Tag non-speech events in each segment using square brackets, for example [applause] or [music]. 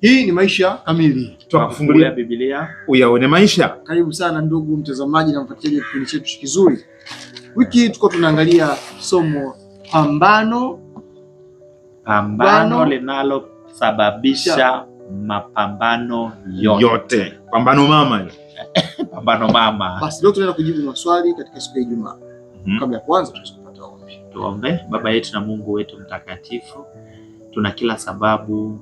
Hii ni Maisha Kamili, tunakufungulia Biblia uyaone maisha. Karibu sana ndugu mtazamaji na mfuatiliaji kipindi chetu kizuri. Wiki tuko tunaangalia somo pambano, pambano linalosababisha mapambano yote, yote. Pambano mama [laughs] pambano mama. Basi leo tunaenda kujibu maswali katika siku ya Ijumaa. mm -hmm. Kabla ya kuanza tuombe. Tuombe. Baba yetu na Mungu wetu mtakatifu, tuna kila sababu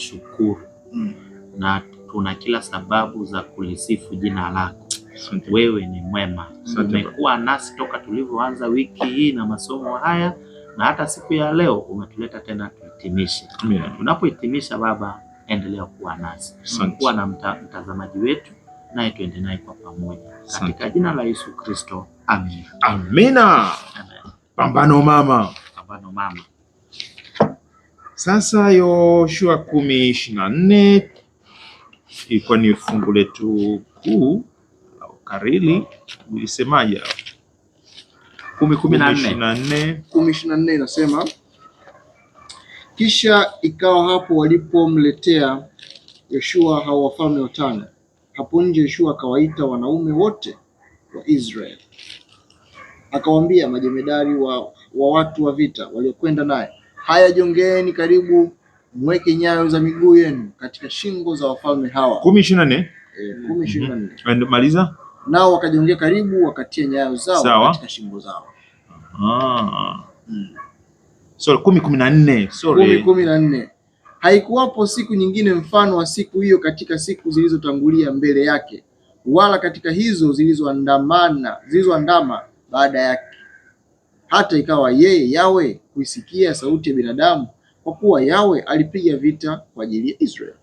kukushukuru mm. na tuna kila sababu za kulisifu jina lako. Sante. Wewe ni mwema, umekuwa nasi toka tulivyoanza wiki hii na masomo haya na hata siku ya leo umetuleta tena tuhitimishe. yeah. Tunapohitimisha Baba, endelea kuwa nasi, kuwa na mta, mtazamaji wetu naye tuende naye kwa pamoja katika jina la Yesu Kristo, amina. Amina. Pambano mama, pambano mama. Sasa Yoshua kumi ishirini na nne ilikuwa ni fungu letu kuu au karili, ilisemaje? kumi kumi na kumi ishirini na nne inasema kisha ikawa hapo walipomletea Yoshua hao wafalme watano hapo nje, Yoshua akawaita wanaume wote wa Israeli, akawaambia majemadari wa, wa watu wa vita waliokwenda naye Haya, jongeeni karibu, mweke nyayo za miguu yenu katika shingo za wafalme hawa. kumi ishirini na nne eh, kumi ishirini na nne mm-hmm. Maliza. Nao wakajongea karibu, wakatia nyayo zao Sawa. katika shingo zao. Ah. Mm. Sorry, kumi kumi na nne Sorry. kumi kumi na nne Haikuwapo siku nyingine mfano wa siku hiyo katika siku zilizotangulia mbele yake, wala katika hizo zilizoandamana zilizoandama baada yake hata ikawa yeye Yawe kuisikia sauti ya binadamu, kwa kuwa Yawe alipiga vita kwa ajili ya Israel.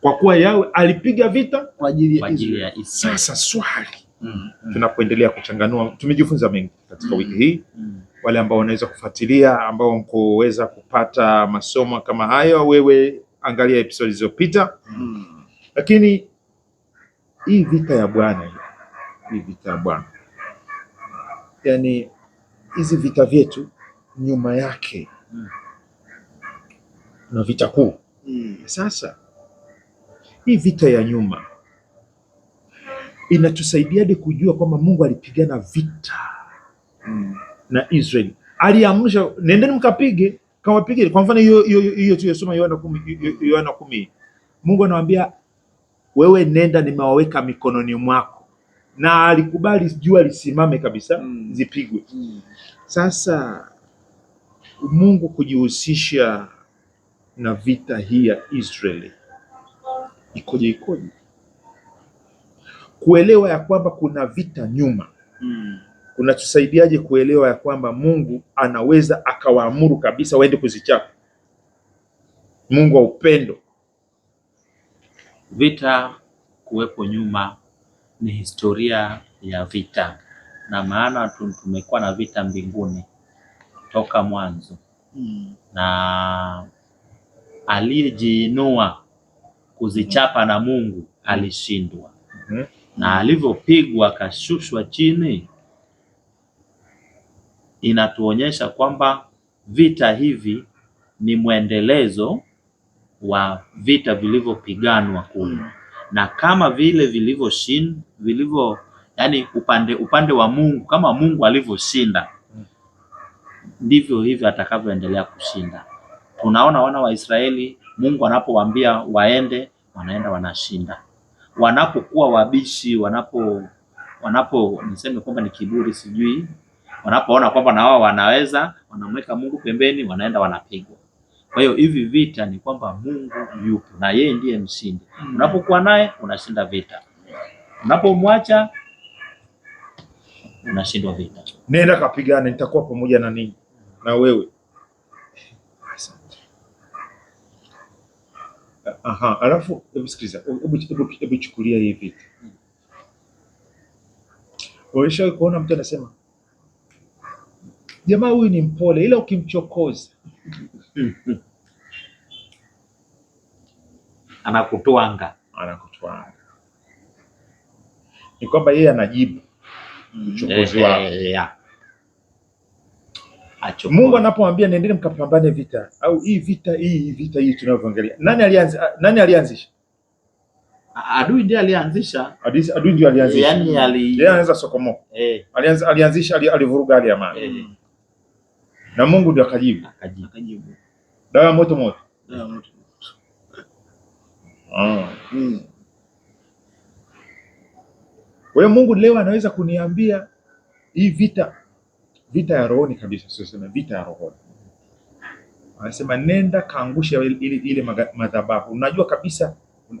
Kwa kuwa Yawe alipiga vita kwa ajili ya Israel. Sasa swali mm, mm. Tunapoendelea kuchanganua, tumejifunza mengi katika mm, wiki hii mm. Wale ambao wanaweza kufuatilia, ambao mkoweza kupata masomo kama hayo, wewe angalia episode zilizopita mm. Lakini hii vita ya Bwana, hii vita ya Bwana, yani hizi vita vyetu nyuma yake mm. na vita kuu mm. Sasa hii vita ya nyuma inatusaidiaje kujua kwamba Mungu alipigana vita mm. na Israeli? Aliamsha, nendeni mkapige, kawapige. Kwa mfano hiyo hiyo tuliyosoma Yohana kumi, Yohana kumi, Mungu anawaambia wewe, nenda, nimewaweka mikononi mwako na alikubali jua lisimame kabisa mm. zipigwe mm. Sasa Mungu kujihusisha na vita hii ya Israeli ikoje? Ikoje kuelewa ya kwamba kuna vita nyuma mm. Unatusaidiaje kuelewa ya kwamba Mungu anaweza akawaamuru kabisa waende kuzichapa? Mungu wa upendo, vita kuwepo nyuma ni historia ya vita, na maana tumekuwa na vita mbinguni toka mwanzo mm. na aliyejiinua kuzichapa na Mungu alishindwa mm -hmm. na alivyopigwa akashushwa chini, inatuonyesha kwamba vita hivi ni mwendelezo wa vita vilivyopiganwa kule. Hmm na kama vile vilivyoshinda vilivyo, yani upande, upande wa Mungu kama Mungu alivyoshinda ndivyo hivyo atakavyoendelea kushinda. Tunaona wana wa Israeli, Mungu anapowaambia waende, wanaenda wanashinda. Wanapokuwa wabishi, wanapo wanapo niseme kwamba ni kiburi, sijui wanapoona kwamba na wao wanaweza, wanamweka Mungu pembeni, wanaenda wanapigwa. Kwa hiyo hivi vita ni kwamba Mungu yupo na yeye ndiye mshindi. Unapokuwa naye unashinda vita, unapomwacha unashindwa vita. Nenda kapigane nitakuwa pamoja na ninyi na wewe. Aha, alafu hebu sikiliza, hebu chukulia hii vita. Ulishawahi kuona mtu anasema jamaa huyu ni mpole, ila ukimchokoza [laughs] anakutwanga anakutwanga. Ni kwamba yeye anajibu uchokozi wao. Eh, eh, Mungu anapomwambia nendeni mkapambane vita au hii vita hii vita hii tunavyoangalia, nani alianza? Nani alianzisha? Adui ndiye alianzisha, adui ndiye alianzisha, yani alianza sokomo, eh. alianzisha, alivuruga hali ya amani. Eh na Mungu ndio akajibu. Akajibu. Dawa moto moto. Dawa moto moto. Ah. Mm. Kwa hiyo Mungu leo anaweza kuniambia hii vita vita ya rohoni kabisa, sio sema vita ya rohoni. Anasema nenda kaangusha ile, ile madhabahu. Unajua kabisa,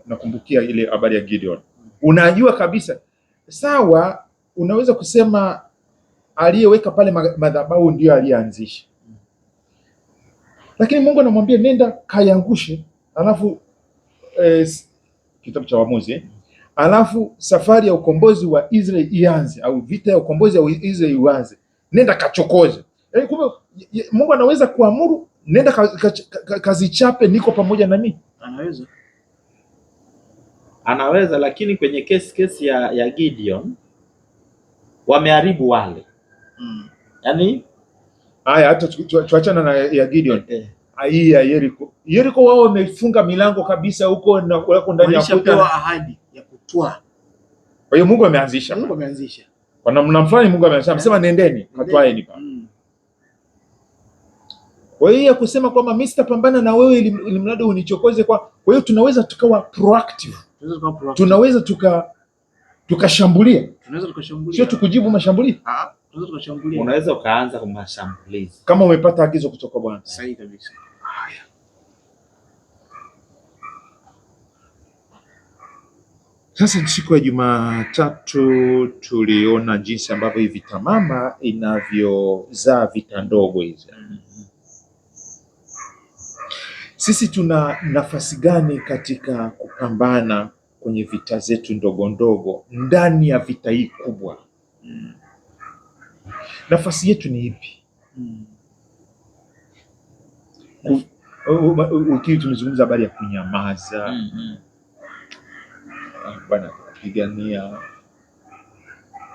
nakumbukia ile habari ya Gideon. Unajua kabisa, sawa, unaweza kusema aliyeweka pale madhabahu ndiyo aliyeanzisha. Lakini Mungu anamwambia nenda kayangushe, alafu eh, kitabu cha Waamuzi eh? Alafu safari ya ukombozi wa Israeli ianze, au vita ya ukombozi wa Israeli ianze, nenda kachokoze. Eh, kumbe Mungu anaweza kuamuru nenda kazichape, ka, ka, niko pamoja na mimi. Anaweza, anaweza, lakini kwenye kesi kesi ya, ya Gideon wameharibu wale mm. yani haya, hata tuachana na ya Gideon eh, hii ya Yeriko. Yeriko wao wamefunga milango kabisa huko na wako ndani ya kuta, ahadi ya kutoa. Kwa hiyo Mungu ameanzisha, Mungu ameanzisha kwa namna fulani, Mungu ameanzisha, amesema nendeni, katwaeni pa mm. kwa hiyo ya kusema kwamba mimi sitapambana na wewe ili ili mradi unichokoze. Kwa Kwa hiyo tunaweza tukawa proactive, tunaweza tukashambulia, tuka sio tukujibu mashambulio. Ah, unaweza ukaanza kwa mashambulizi kama umepata agizo kutoka Bwana. Sahihi kabisa. Sasa siku ya Jumatatu tuliona jinsi ambavyo hii vita mama inavyozaa vita ndogo hizi. Sisi tuna nafasi gani katika kupambana kwenye vita zetu ndogo ndogo ndani ya vita hii kubwa? Mm nafasi yetu ni ipi? Hmm. Ukili tumezungumza habari ya kunyamaza bana hmm, hmm. ah, Bwana kupigania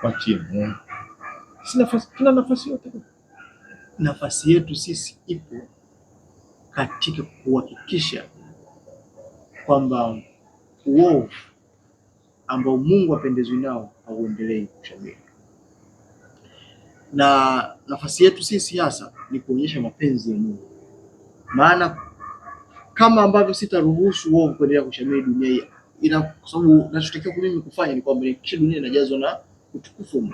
wachie Mungu, si nafasi, tuna nafasi yote. Nafasi yetu sisi ipo katika kuhakikisha kwamba uovu ambao Mungu apendezwi nao hauendelei kushamiri na nafasi yetu sisi hasa ni kuonyesha mapenzi ya Mungu, maana kama ambavyo sitaruhusu uovu kuendelea kushamiri dunia hii, ina kwa sababu nachotakiwa mimi kufanya ni kwamba nihakikishe dunia inajazwa na utukufu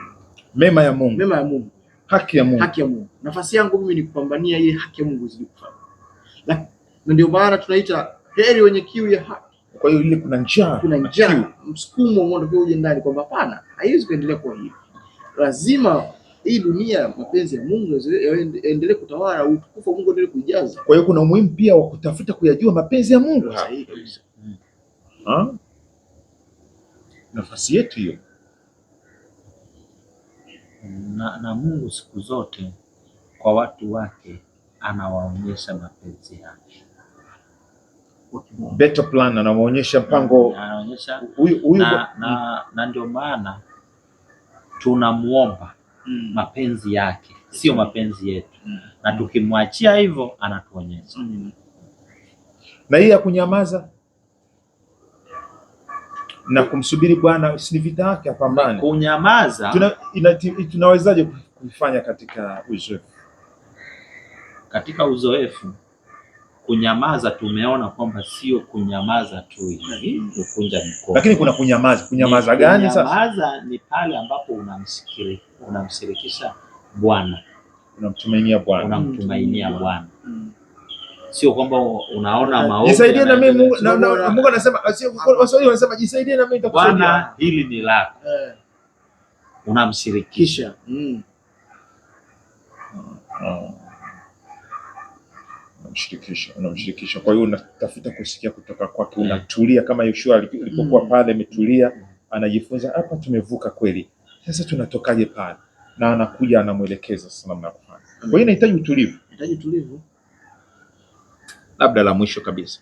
mema ya Mungu, mema ya Mungu, haki ya Mungu, haki ya Mungu. Nafasi yangu mimi ni kupambania ile haki ya Mungu zidi kufanya, na ndio maana tunaita heri wenye kiu ya haki. Kwa hiyo ile kuna njaa, kuna njaa, msukumo ndio uje ndani kwamba hapana, haiwezi kuendelea kwa hivi, lazima hii dunia mapenzi ya Mungu endelee kutawala, utukufu wa Mungu endelee kujaza. Kwa hiyo kuna umuhimu pia wa kutafuta kuyajua mapenzi ya Mungu ha? nafasi yetu hiyo na, na Mungu siku zote kwa watu wake anawaonyesha mapenzi yake. Better plan anawaonyesha mpango anaonyesha huyu na, na, na ndio maana tunamuomba mm. mapenzi yake sio mm. mapenzi yetu mm. na tukimwachia hivyo anatuonyesha mm. na hii ya kunyamaza na kumsubiri Bwana si vita yake, apambane. Kunyamaza tuna, tunawezaje kufanya katika uzoefu katika uzoefu kunyamaza tumeona kwamba sio kunyamaza tu hivi kukunja mkono, lakini kuna kunyamaza. Kunyamaza gani sasa? Kunyamaza ni pale ambapo unamsikiri, unamshirikisha Bwana, unamtumainia Bwana, unamtumainia mm. Bwana, mm. sio kwamba unaona maovu. Jisaidie na mimi, Mungu anasema, sio ah. Waswahili wanasema jisaidie na mimi nitakusaidia. Bwana, hili ni lako, eh. unamshirikisha mm. ah, ah kumshirikisha, unamshirikisha. Kwa hiyo unatafuta kusikia kutoka kwake, unatulia kama Yoshua alipokuwa pale ametulia, anajifunza hapa, tumevuka kweli, sasa tunatokaje pale, na anakuja anamwelekeza sasa namna ya kufanya. Kwa hiyo inahitaji utulivu, inahitaji utulivu. Labda la mwisho kabisa,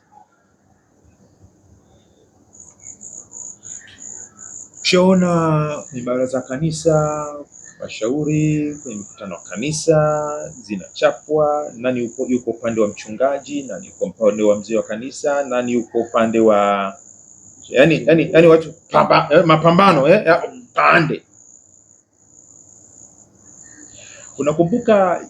ushaona ni baraza kanisa mashauri kwenye mkutano wa kanisa zinachapwa, nani yupo, yuko upande wa mchungaji, nani yuko upande wa mzee wa kanisa, nani yuko upande wa yani, yani, yani watu pamba, eh, mapambano eh, pande. Unakumbuka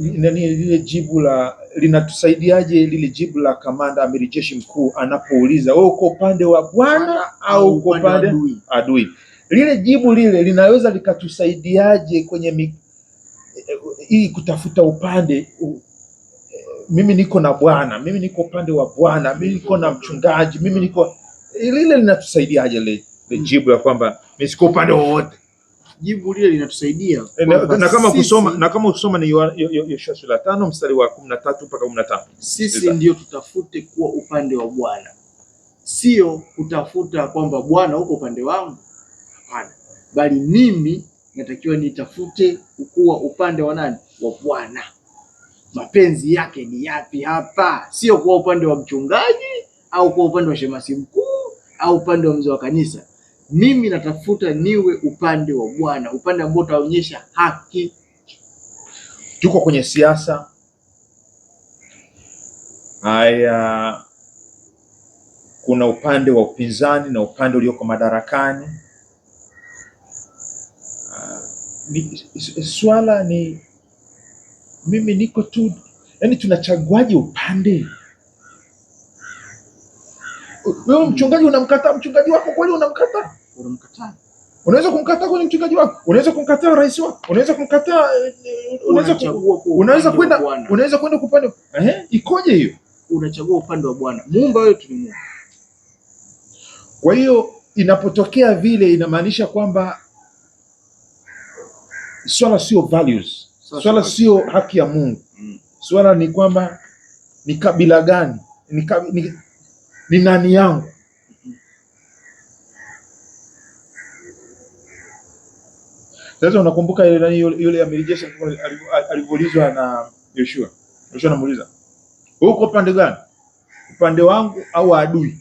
lile jibu la linatusaidiaje? Lile jibu la kamanda amiri jeshi mkuu anapouliza wewe oh, uko upande wa Bwana au uko upande adui? lile jibu lile linaweza likatusaidiaje kwenye mi, hii eh, kutafuta upande u, eh, mimi niko na Bwana, mimi niko upande wa Bwana, mimi niko na mchungaji, mimi niko eh, lile linatusaidiaje le, le hmm. jibu ya kwamba mimi siko upande wowote? Jibu lile linatusaidia na na kama sisi, kusoma na kama usoma ni Yoshua sura ya tano mstari wa kumi na tatu mpaka kumi na tano sisi ndio tutafute kuwa upande wa Bwana, sio kutafuta kwamba Bwana uko upande wangu Hapana, bali mimi natakiwa nitafute kuwa upande wa nani? Wa Bwana. Mapenzi yake ni yapi hapa? Sio kwa upande wa mchungaji au kwa upande wa shemasi mkuu au upande wa mzee wa kanisa. Mimi natafuta niwe upande wa Bwana, upande ambao utaonyesha haki. Tuko kwenye siasa haya, kuna upande wa upinzani na upande ulioko madarakani ni, swala ni mimi niko tu, yani tunachaguaje upande? Wewe mchungaji unamkataa mchungaji wako kweli? Unamkataa, unamkataa unaweza kumkataa kwenye mchungaji wako, unaweza kumkataa rais wako, unaweza kumkataa, eh, eh, unaweza unaweza kwenda, unaweza kwenda kupande. Ehe, ikoje hiyo? Unachagua upande wa Bwana muumba wewe, tulimuumba. Kwa hiyo inapotokea vile, inamaanisha kwamba swala sio values, swala sio haki ya Mungu, mm. swala ni kwamba ni kabila gani, ni, ni, ni nani yangu Sasa unakumbuka yule nani yule amiri jeshi alivyoulizwa na Yoshua. Yoshua anamuuliza, "Uko upande gani? Upande wangu au adui?"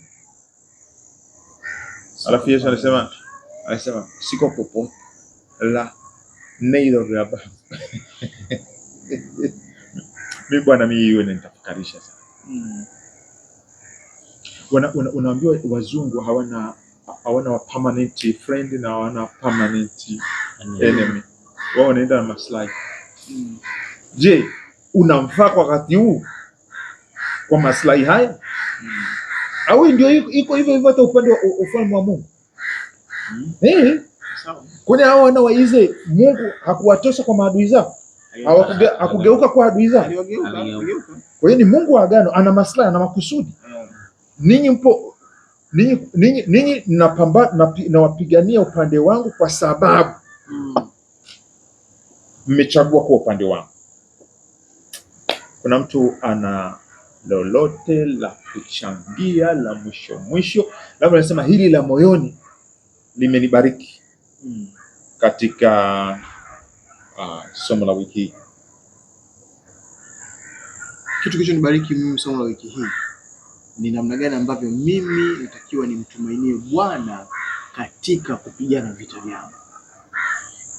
Alafu Yesu anasema, anasema, "Siko popote la Neither ya baba mi bwana, mi hiyo inanitafakarisha sana mm. Wana, una, unaambiwa wazungu hawana hawana permanent friend na hawana permanent enemy, wao wanaenda na maslahi mm. Je, unamfaa kwa wakati huu kwa maslahi haya mm. Au ndio iko hivyo hivyo hata upande wa ufalme wa Mungu mm. Hey. Eh? Kwani hao wana wa Israeli Mungu hakuwatosha kwa maadui zao? Hakugeuka kwa adui zao? Kwa hiyo ni Mungu wa agano, ana maslahi, ana makusudi. Ninyi mpo ninyi nawapigania upande wangu kwa sababu hmm. mmechagua kwa upande wangu. Kuna mtu ana lolote la kuchangia la mwisho mwisho, labda anasema hili la moyoni limenibariki katika uh, somo la wiki hii. Kitu kilichonibariki mimi somo la wiki hii ni namna gani ambavyo mimi natakiwa nimtumainie Bwana katika kupigana vita vyangu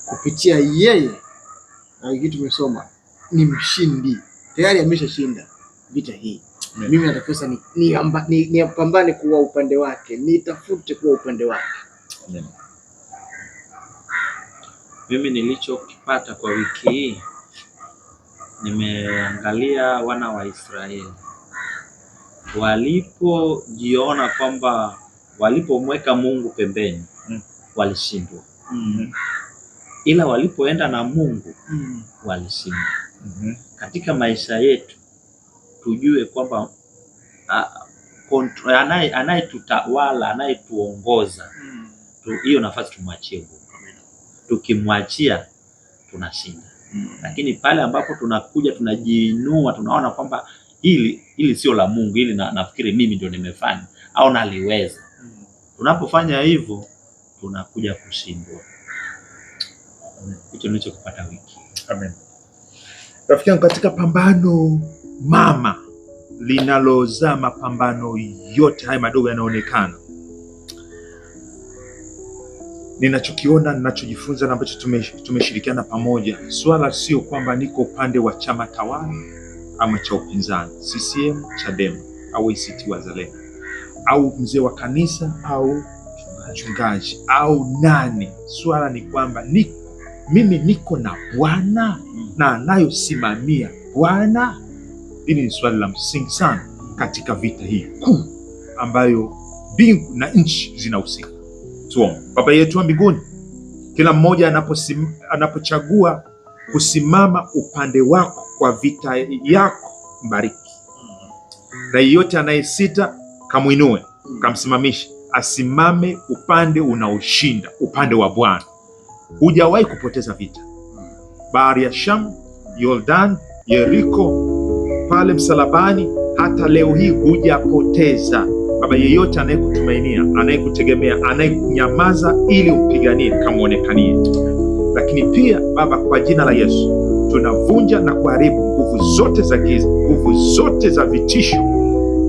kupitia yeye. Na wiki tumesoma ni mshindi tayari, ameshashinda vita hii yeah. Mimi natakiwa ni, ni, ni, ni, ni pambane kuwa upande wake, nitafute kuwa upande wake yeah. Mimi nilichokipata kwa wiki hii, nimeangalia wana wa Israeli walipojiona kwamba walipomweka Mungu pembeni mm. walishindwa mm -hmm. ila walipoenda na Mungu mm -hmm. mm -hmm. Katika maisha yetu tujue kwamba anayetutawala, anayetuongoza mm. hiyo mm -hmm. tu, nafasi tumwachie Mungu tukimwachia tunashinda. Hmm. Lakini pale ambapo tunakuja tunajiinua, tunaona kwamba hili hili sio la Mungu, hili na, nafikiri mimi ndio nimefanya au naliweza. Hmm. Tunapofanya hivyo tunakuja kushindwa. Hicho kupata wiki. Amen. Rafiki yangu katika pambano mama linalozaa mapambano yote haya madogo yanaonekana ninachokiona ninachojifunza na ambacho tumeshirikiana pamoja. Swala sio kwamba niko upande wa chama tawala ama cha upinzani, CCM, Chadema au ACT Wazalendo au mzee wa kanisa au mchungaji au nani. Swala ni kwamba mimi niko na Bwana na anayosimamia Bwana. Hili ni swali la msingi sana katika vita hii kuu ambayo mbingu na nchi zinahusika tuombe. Baba yetu wa mbinguni, kila mmoja anaposim, anapochagua kusimama upande wako kwa vita yako, mbariki na yeyote anayesita kamwinue, kamsimamishe, asimame upande unaoshinda, upande wa Bwana. Hujawahi kupoteza vita. Bahari ya Sham, Yordani, Yeriko, pale msalabani, hata leo hii hujapoteza. Baba, yeyote anayekutumainia, anayekutegemea, anayekunyamaza ili upiganie, kamwonekanie. Lakini pia Baba, kwa jina la Yesu tunavunja na kuharibu nguvu zote za giza, nguvu zote za vitisho,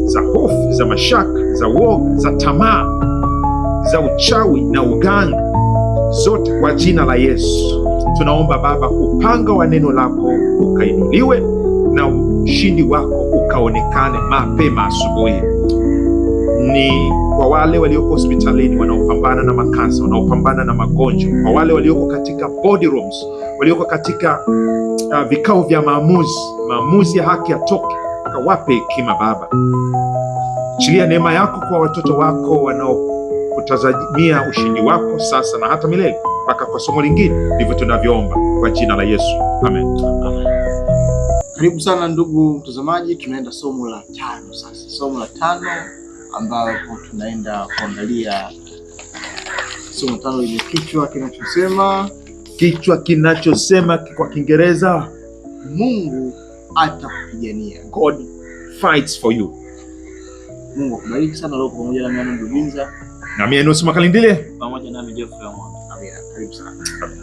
za hofu, za mashaka, za woga, za tamaa, za uchawi na uganga, zote kwa jina la Yesu tunaomba Baba, upanga wa neno lako ukainuliwe na ushindi wako ukaonekane mapema asubuhi ni kwa wale walioko hospitalini wanaopambana na makansa, wanaopambana na magonjwa, kwa wale walioko katika body rooms, walioko katika uh, vikao vya maamuzi, maamuzi ya haki yatoke. Akawape hekima Baba, chilia neema yako kwa watoto wako wanaokutazamia ushindi wako sasa na hata milele, mpaka kwa somo lingine. Ndivyo tunavyoomba kwa jina la Yesu, amen, amen. Karibu sana ndugu mtazamaji, tunaenda somo la tano sasa, somo la tano ambapo tunaenda kuangalia somo tano lenye kichwa kinachosema kichwa kinachosema kwa Kiingereza, Mungu atakupigania, God fights for you. Mungu akubariki sana leo pamoja na mimi Nduguinza na mimi Enos Makalindile pamoja nami Geoffrey Amwana. Amen. karibu sana.